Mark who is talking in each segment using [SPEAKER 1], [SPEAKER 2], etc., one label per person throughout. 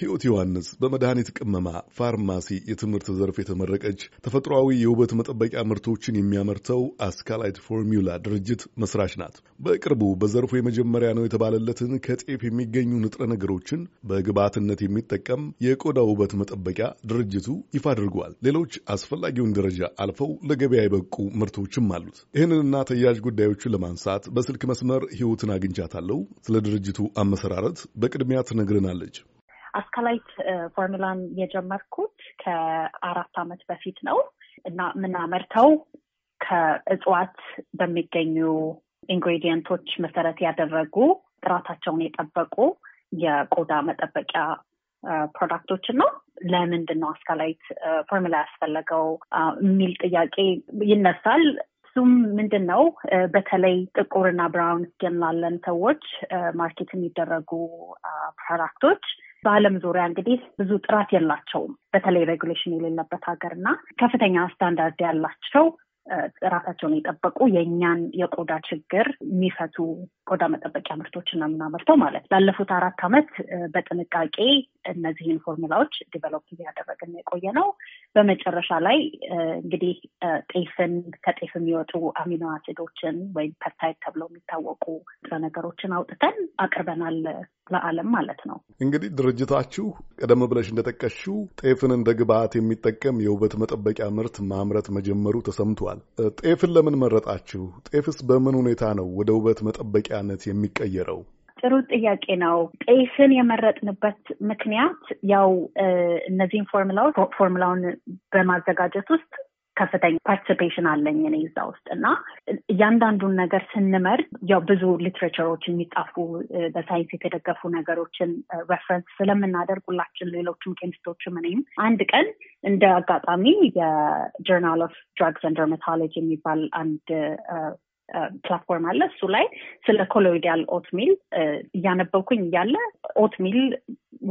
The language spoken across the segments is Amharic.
[SPEAKER 1] ሕይወት ዮሐንስ በመድኃኒት ቅመማ ፋርማሲ የትምህርት ዘርፍ የተመረቀች ተፈጥሯዊ የውበት መጠበቂያ ምርቶችን የሚያመርተው አስካላይት ፎርሚላ ድርጅት መስራች ናት። በቅርቡ በዘርፉ የመጀመሪያ ነው የተባለለትን ከጤፍ የሚገኙ ንጥረ ነገሮችን በግብዓትነት የሚጠቀም የቆዳ ውበት መጠበቂያ ድርጅቱ ይፋ አድርጓል። ሌሎች አስፈላጊውን ደረጃ አልፈው ለገበያ የበቁ ምርቶችም አሉት። ይህንንና ተያያዥ ጉዳዮችን ለማንሳት በስልክ መስመር ሕይወትን አግኝቻታለሁ። ስለ ድርጅቱ አመሰራረት በቅድሚያ ትነግረናለች።
[SPEAKER 2] አስካላይት ፎርሙላን የጀመርኩት ከአራት አመት በፊት ነው እና የምናመርተው ከእጽዋት በሚገኙ ኢንግሬዲየንቶች መሰረት ያደረጉ ጥራታቸውን የጠበቁ የቆዳ መጠበቂያ ፕሮዳክቶችን ነው። ለምንድን ነው አስካላይት ፎርሙላ ያስፈለገው የሚል ጥያቄ ይነሳል። እሱም ምንድን ነው በተለይ ጥቁርና ብራውን ስኪን ላለን ሰዎች ማርኬት የሚደረጉ ፕሮዳክቶች በዓለም ዙሪያ እንግዲህ ብዙ ጥራት የላቸውም። በተለይ ሬጉሌሽን የሌለበት ሀገር እና ከፍተኛ ስታንዳርድ ያላቸው ጥራታቸውን የጠበቁ የእኛን የቆዳ ችግር የሚፈቱ ቆዳ መጠበቂያ ምርቶችን ነው የምናመርተው ማለት ላለፉት አራት ዓመት በጥንቃቄ እነዚህን ፎርሙላዎች ዲቨሎፕ እያደረግን የቆየ ነው። በመጨረሻ ላይ እንግዲህ ጤፍን ከጤፍ የሚወጡ አሚኖ አሲዶችን ወይም ፐርታይድ ተብለው የሚታወቁ ንጥረ ነገሮችን አውጥተን አቅርበናል ለዓለም ማለት ነው።
[SPEAKER 1] እንግዲህ ድርጅታችሁ ቀደም ብለሽ እንደጠቀሽው ጤፍን እንደ ግብዓት የሚጠቀም የውበት መጠበቂያ ምርት ማምረት መጀመሩ ተሰምቷል። ጤፍን ለምን መረጣችሁ? ጤፍስ በምን ሁኔታ ነው ወደ ውበት መጠበቂያነት የሚቀየረው?
[SPEAKER 2] ጥሩ ጥያቄ ነው። ጤስን የመረጥንበት ምክንያት ያው እነዚህን ፎርሙላዎች ፎርሙላውን በማዘጋጀት ውስጥ ከፍተኛ ፓርቲሲፔሽን አለኝ እኔ እዛ ውስጥ እና እያንዳንዱን ነገር ስንመርጥ ያው ብዙ ሊትሬቸሮች የሚጻፉ በሳይንስ የተደገፉ ነገሮችን ሬፈረንስ ስለምናደርጉላችን ሌሎችም ኬሚስቶችም እኔም አንድ ቀን እንደ አጋጣሚ የጆርናል ኦፍ ድራግስ ኤንድ ደርማቶሎጂ የሚባል አንድ ፕላትፎርም አለ። እሱ ላይ ስለ ኮሎይዳል ኦትሚል እያነበብኩኝ እያለ ኦትሚል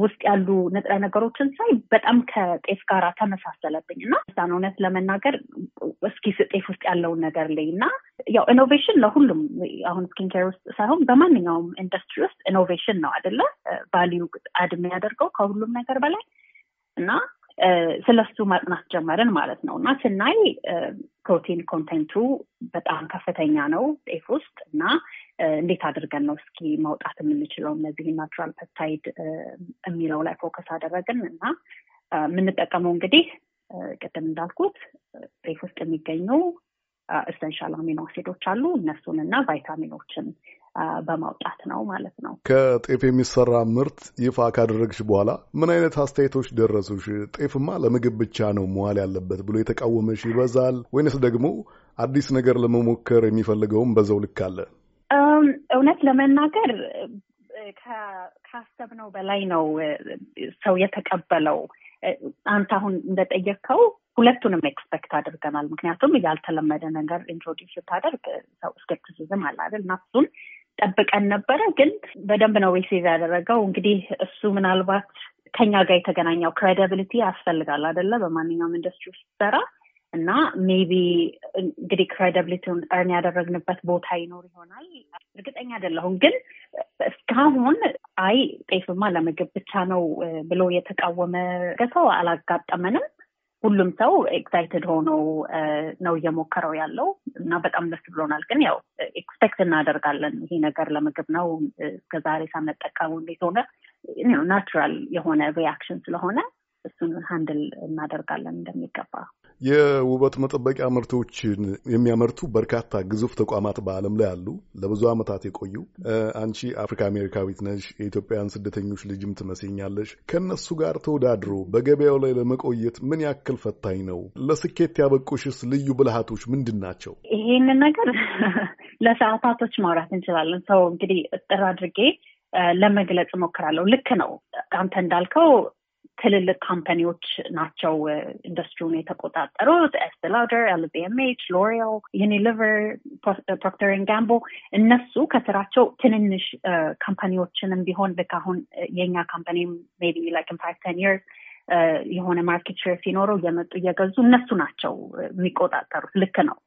[SPEAKER 2] ውስጥ ያሉ ንጥረ ነገሮችን ሳይ በጣም ከጤፍ ጋር ተመሳሰለብኝ እና እዛን እውነት ለመናገር እስኪ ጤፍ ውስጥ ያለውን ነገር ላይ እና ያው ኢኖቬሽን ለሁሉም አሁን ኬር ውስጥ ሳይሆን በማንኛውም ኢንዱስትሪ ውስጥ ኢኖቬሽን ነው አይደለ? ቫሊዩ አድ የሚያደርገው ከሁሉም ነገር በላይ እና ስለሱ ማጥናት ጀመርን ማለት ነው እና ስናይ ፕሮቲን ኮንቴንቱ በጣም ከፍተኛ ነው ጤፍ ውስጥ እና እንዴት አድርገን ነው እስኪ ማውጣት የምንችለው እነዚህ ናቹራል ፐፕታይድ የሚለው ላይ ፎከስ አደረግን እና የምንጠቀመው እንግዲህ ቅድም እንዳልኩት ጤፍ ውስጥ የሚገኙ እሰንሻል አሚኖ አሲዶች አሉ እነሱን እና ቫይታሚኖችን በማውጣት ነው ማለት ነው።
[SPEAKER 1] ከጤፍ የሚሰራ ምርት ይፋ ካደረግሽ በኋላ ምን አይነት አስተያየቶች ደረሱሽ? ጤፍማ ለምግብ ብቻ ነው መዋል ያለበት ብሎ የተቃወመሽ ይበዛል ወይንስ ደግሞ አዲስ ነገር ለመሞከር የሚፈልገውም በዛው ልክ አለ?
[SPEAKER 2] እውነት ለመናገር ካሰብነው በላይ ነው ሰው የተቀበለው። አንተ አሁን እንደጠየቅከው ሁለቱንም ኤክስፔክት አድርገናል። ምክንያቱም ያልተለመደ ነገር ኢንትሮዲስ ስታደርግ ሰው ስኬፕቲሲዝም አለ አይደል እና እሱን ጠብቀን ነበረ፣ ግን በደንብ ነው ሪሲቭ ያደረገው። እንግዲህ እሱ ምናልባት ከኛ ጋር የተገናኘው ክሬዲብሊቲ ያስፈልጋል አይደለ? በማንኛውም ኢንዱስትሪ ውስጥ ሰራ እና ሜቢ እንግዲህ ክሬዲቢሊቲውን እርን ያደረግንበት ቦታ ይኖር ይሆናል። እርግጠኛ አይደለሁም፣ ግን እስካሁን አይ ጤፍማ ለምግብ ብቻ ነው ብሎ የተቃወመ ሰው አላጋጠመንም። ሁሉም ሰው ኤክሳይትድ ሆኖ ነው እየሞከረው ያለው። እና በጣም ደስ ብሎናል። ግን ያው ኤክስፔክት እናደርጋለን ይሄ ነገር ለምግብ ነው እስከዛሬ ሳንጠቀሙ እንዴት ሆነ ናቹራል የሆነ ሪያክሽን ስለሆነ እሱን ሀንድል እናደርጋለን እንደሚገባ።
[SPEAKER 1] የውበት መጠበቂያ ምርቶችን የሚያመርቱ በርካታ ግዙፍ ተቋማት በዓለም ላይ አሉ፣ ለብዙ ዓመታት የቆዩ። አንቺ አፍሪካ አሜሪካዊት ነሽ፣ የኢትዮጵያውያን ስደተኞች ልጅም ትመስኛለሽ። ከእነሱ ጋር ተወዳድሮ በገበያው ላይ ለመቆየት ምን ያክል ፈታኝ ነው? ለስኬት ያበቁሽስ ልዩ ብልሃቶች ምንድን ናቸው?
[SPEAKER 2] ይሄንን ነገር ለሰዓታቶች ማውራት እንችላለን። ሰው እንግዲህ ጥር አድርጌ ለመግለጽ እሞክራለሁ። ልክ ነው አንተ እንዳልከው ትልልቅ ካምፓኒዎች ናቸው ኢንዱስትሪውን የተቆጣጠሩት። ኤስቴ ላውደር፣ ኤል ሎሪያል፣ ዩኒሊቨር፣ ፕሮክተርን ጋምቦ እነሱ ከስራቸው ትንንሽ ካምፓኒዎችንም ቢሆን ልክ አሁን የእኛ ካምፓኒ ሜይ ቢ ላይክ ኢን ፋይቭ ቴን ይርስ የሆነ ማርኬት ሼር ሲኖረው እየመጡ እየገዙ እነሱ ናቸው የሚቆጣጠሩት። ልክ ነው።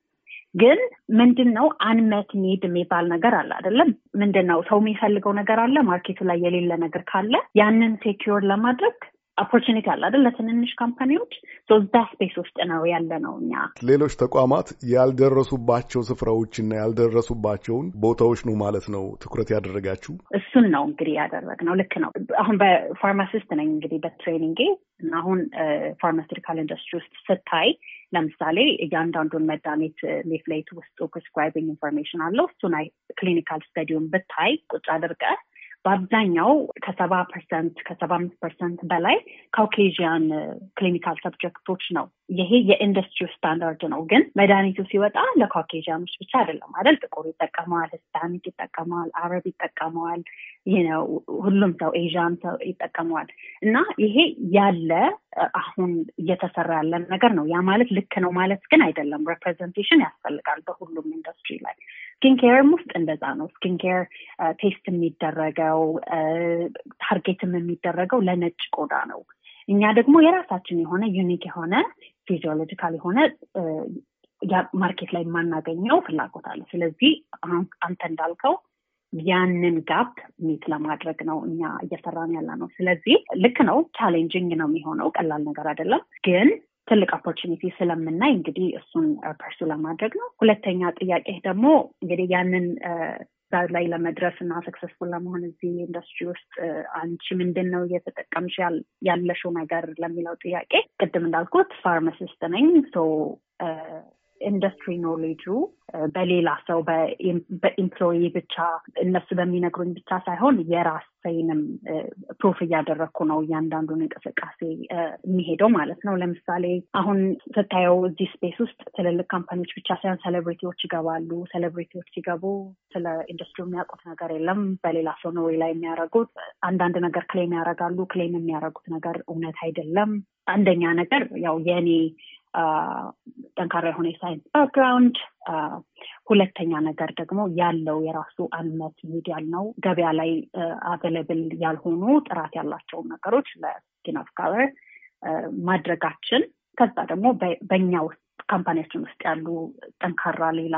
[SPEAKER 2] ግን ምንድን ነው አንመት ኒድ የሚባል ነገር አለ አይደለም? ምንድን ነው ሰው የሚፈልገው ነገር አለ። ማርኬቱ ላይ የሌለ ነገር ካለ ያንን ሴኪዮር ለማድረግ ኦፖርቹኒቲ አለ አይደል? ለትንንሽ ካምፓኒዎች እዛ ስፔስ ውስጥ ነው ያለ ነው። እኛ
[SPEAKER 1] ሌሎች ተቋማት ያልደረሱባቸው ስፍራዎችና ያልደረሱባቸውን ቦታዎች ነው ማለት ነው ትኩረት ያደረጋችሁ።
[SPEAKER 2] እሱን ነው እንግዲህ ያደረግ ነው ልክ ነው። አሁን በፋርማሲስት ነኝ እንግዲህ በትሬኒንጌ አሁን ፋርማሲውቲካል ኢንዱስትሪ ውስጥ ስታይ ለምሳሌ እያንዳንዱን መድኃኒት ሌፍሌት ውስጡ ፕሪስክራይቢንግ ኢንፎርሜሽን አለው። እሱን ክሊኒካል ስተዲውን ብታይ ቁጭ አድርገህ በአብዛኛው ከሰባ ፐርሰንት ከሰባ አምስት ፐርሰንት በላይ ካውኬዥያን ክሊኒካል ሰብጀክቶች ነው ይሄ የኢንዱስትሪው ስታንዳርድ ነው። ግን መድኃኒቱ ሲወጣ ለካኬጃኖች ብቻ አይደለም አይደል? ጥቁር ይጠቀመዋል፣ ሂስፓኒክ ይጠቀመዋል፣ አረብ ይጠቀመዋል፣ ነው ሁሉም ሰው ኤዥያም ሰው ይጠቀመዋል። እና ይሄ ያለ አሁን እየተሰራ ያለ ነገር ነው። ያ ማለት ልክ ነው ማለት ግን አይደለም። ሬፕሬዘንቴሽን ያስፈልጋል በሁሉም ኢንዱስትሪ ላይ። ስኪን ኬርም ውስጥ እንደዛ ነው። ስኪን ኬር ቴስት የሚደረገው ታርጌትም የሚደረገው ለነጭ ቆዳ ነው። እኛ ደግሞ የራሳችን የሆነ ዩኒክ የሆነ ፊዚዮሎጂካል የሆነ ማርኬት ላይ የማናገኘው ፍላጎት አለ። ስለዚህ አንተ እንዳልከው ያንን ጋፕ ሚት ለማድረግ ነው እኛ እየሰራን ያለ ነው። ስለዚህ ልክ ነው፣ ቻሌንጂንግ ነው የሚሆነው፣ ቀላል ነገር አይደለም። ግን ትልቅ ኦፖርቹኒቲ ስለምናይ እንግዲህ እሱን ፐርሱ ለማድረግ ነው። ሁለተኛ ጥያቄ ደግሞ እንግዲህ ያንን ላይ ለመድረስ እና ሰክሰስፉል ለመሆን እዚህ ኢንዱስትሪ ውስጥ አንቺ ምንድን ነው እየተጠቀምሽ ያለሽው ነገር ለሚለው ጥያቄ ቅድም እንዳልኩት ፋርማሲስት ነኝ ኢንዱስትሪ ኖሌጁ በሌላ ሰው በኤምፕሎይ ብቻ እነሱ በሚነግሩኝ ብቻ ሳይሆን የራሴንም ፕሩፍ እያደረግኩ ነው እያንዳንዱን እንቅስቃሴ የሚሄደው ማለት ነው። ለምሳሌ አሁን ስታየው እዚህ ስፔስ ውስጥ ትልልቅ ካምፓኒዎች ብቻ ሳይሆን ሴሌብሪቲዎች ይገባሉ። ሴሌብሪቲዎች ሲገቡ ስለ ኢንዱስትሪ የሚያውቁት ነገር የለም። በሌላ ሰው ነው ላይ የሚያደርጉት አንዳንድ ነገር ክሌም ያደርጋሉ። ክሌም የሚያደርጉት ነገር እውነት አይደለም። አንደኛ ነገር ያው የእኔ ጠንካራ የሆነ የሳይንስ ባክግራውንድ፣ ሁለተኛ ነገር ደግሞ ያለው የራሱ አንመት ሚዲያል ነው። ገበያ ላይ አቬለብል ያልሆኑ ጥራት ያላቸውን ነገሮች ለስኪን ኦፍ ካለር ማድረጋችን ከዛ ደግሞ በእኛ ውስጥ ካምፓኒያችን ውስጥ ያሉ ጠንካራ ሌላ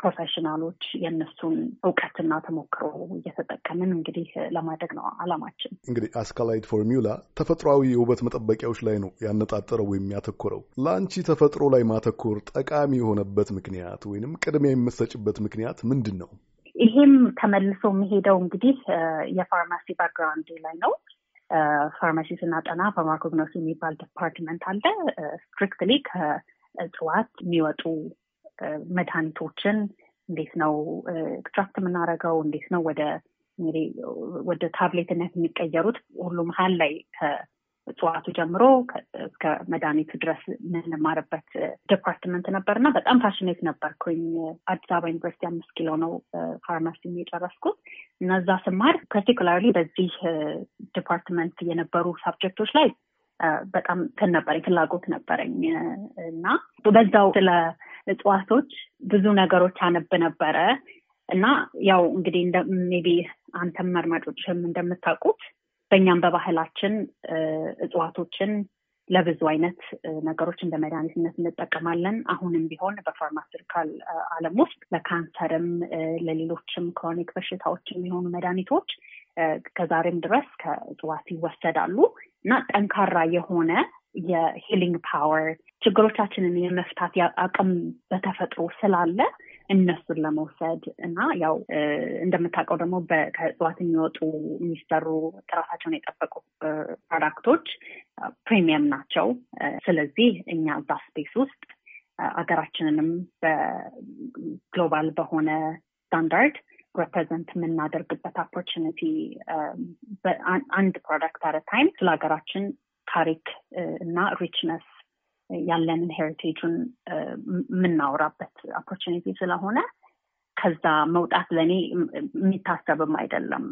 [SPEAKER 2] ፕሮፌሽናሎች የእነሱን እውቀትና ተሞክሮ እየተጠቀምን እንግዲህ ለማደግ ነው አላማችን።
[SPEAKER 1] እንግዲህ አስካላይት ፎርሚላ ተፈጥሯዊ የውበት መጠበቂያዎች ላይ ነው ያነጣጠረው ወይም ያተኮረው። ለአንቺ ተፈጥሮ ላይ ማተኮር ጠቃሚ የሆነበት ምክንያት ወይንም ቅድሚያ የምትሰጭበት ምክንያት ምንድን ነው?
[SPEAKER 2] ይሄም ተመልሶ የሚሄደው እንግዲህ የፋርማሲ ባክግራውንድ ላይ ነው። ፋርማሲ ስናጠና ፋርማኮግኖሲ የሚባል ዲፓርትመንት አለ። ስትሪክትሊ ከእጽዋት የሚወጡ መድኃኒቶችን እንዴት ነው ኤክስትራክት የምናደርገው? እንዴት ነው ወደ ወደ ታብሌትነት የሚቀየሩት? ሁሉ መሀል ላይ ከእጽዋቱ ጀምሮ እስከ መድኃኒቱ ድረስ የምንማርበት ዲፓርትመንት ነበር እና በጣም ፋሽኔት ነበርኩኝ። አዲስ አበባ ዩኒቨርሲቲ አምስት ኪሎ ነው ፋርማሲ የጨረስኩት እና እዛ ስማር ፐርቲኩላርሊ በዚህ ዲፓርትመንት የነበሩ ሳብጀክቶች ላይ በጣም ትን ነበረኝ ፍላጎት ነበረኝ እና በዛው ስለ እጽዋቶች ብዙ ነገሮች አነብ ነበረ እና ያው እንግዲህ ሜቢ አንተም አድማጮችም እንደምታውቁት በእኛም በባህላችን እጽዋቶችን ለብዙ አይነት ነገሮች እንደ መድኃኒትነት እንጠቀማለን። አሁንም ቢሆን በፋርማሲውቲካል ዓለም ውስጥ ለካንሰርም ለሌሎችም ክሮኒክ በሽታዎች የሚሆኑ መድኃኒቶች ከዛሬም ድረስ ከእጽዋት ይወሰዳሉ እና ጠንካራ የሆነ የሂሊንግ ፓወር ችግሮቻችንን የመፍታት አቅም በተፈጥሮ ስላለ እነሱን ለመውሰድ እና ያው እንደምታውቀው ደግሞ ከእጽዋት የሚወጡ የሚሰሩ ጥራታቸውን የጠበቁ ፕሮዳክቶች ፕሪሚየም ናቸው። ስለዚህ እኛ እዛ ስፔስ ውስጥ ሀገራችንንም በግሎባል በሆነ ስታንዳርድ ሪፕሬዘንት የምናደርግበት ኦፖርቹኒቲ አንድ ፕሮዳክት አረ ታይም ስለ ሀገራችን ታሪክ እና ሪችነስ ያለንን ሄሪቴጁን የምናወራበት ኦፖርቹኒቲ ስለሆነ ከዛ መውጣት ለእኔ የሚታሰብም አይደለም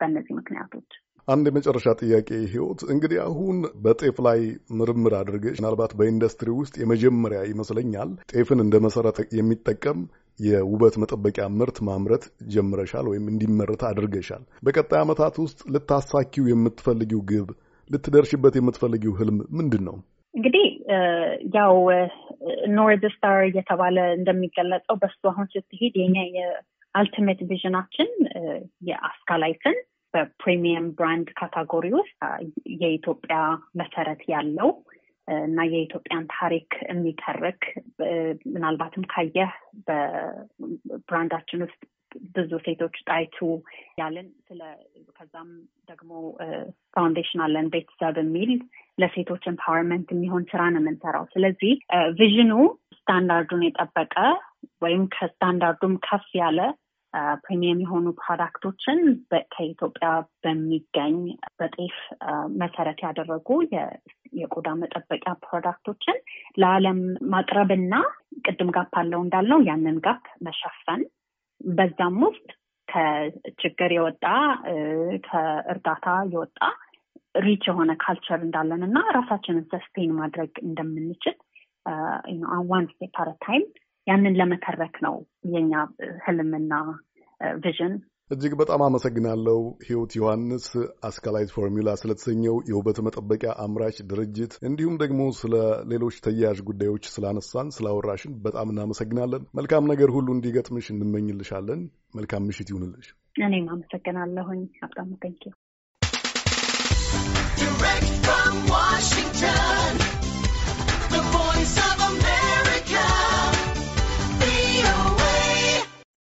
[SPEAKER 2] በእነዚህ ምክንያቶች።
[SPEAKER 1] አንድ የመጨረሻ ጥያቄ ህይወት፣ እንግዲህ አሁን በጤፍ ላይ ምርምር አድርገሽ ምናልባት በኢንዱስትሪ ውስጥ የመጀመሪያ ይመስለኛል ጤፍን እንደ መሰረት የሚጠቀም የውበት መጠበቂያ ምርት ማምረት ጀምረሻል ወይም እንዲመረት አድርገሻል። በቀጣይ ዓመታት ውስጥ ልታሳኪው የምትፈልጊው ግብ፣ ልትደርሽበት የምትፈልጊው ህልም ምንድን ነው?
[SPEAKER 2] እንግዲህ ያው ኖርድ ስታር እየተባለ እንደሚገለጸው በሱ አሁን ስትሄድ የኛ የአልቲሜት ቪዥናችን የአስካላይትን በፕሪሚየም ብራንድ ካታጎሪ ውስጥ የኢትዮጵያ መሰረት ያለው እና የኢትዮጵያን ታሪክ የሚተርክ ምናልባትም ካየህ በብራንዳችን ውስጥ ብዙ ሴቶች ጣይቱ ያለን ስለ ከዛም ደግሞ ፋውንዴሽን አለን ቤተሰብ የሚል ለሴቶች ኤምፓወርመንት የሚሆን ስራ ነው የምንሰራው። ስለዚህ ቪዥኑ ስታንዳርዱን የጠበቀ ወይም ከስታንዳርዱም ከፍ ያለ ፕሪሚየም የሆኑ ፕሮዳክቶችን ከኢትዮጵያ በሚገኝ በጤፍ መሰረት ያደረጉ የቆዳ መጠበቂያ ፕሮዳክቶችን ለዓለም ማቅረብና ቅድም ጋፕ አለው እንዳልነው ያንን ጋፕ መሸፈን በዛም ውስጥ ከችግር የወጣ ከእርዳታ የወጣ ሪች የሆነ ካልቸር እንዳለን እና ራሳችንን ሰስቴን ማድረግ እንደምንችል ዋን ስቴፕ ታይም ያንን ለመተረክ ነው የኛ ህልምና ቪዥን
[SPEAKER 1] እጅግ በጣም አመሰግናለሁ። ህይወት ዮሐንስ አስካላይት ፎርሚላ ስለተሰኘው የውበት መጠበቂያ አምራች ድርጅት እንዲሁም ደግሞ ስለ ሌሎች ተያያዥ ጉዳዮች ስላነሳን ስላወራሽን በጣም እናመሰግናለን። መልካም ነገር ሁሉ እንዲገጥምሽ እንመኝልሻለን። መልካም ምሽት ይሁንልሽ።
[SPEAKER 2] እኔም አመሰግናለሁኝ አብጣሙ ቴንኪው ዋሽንግተን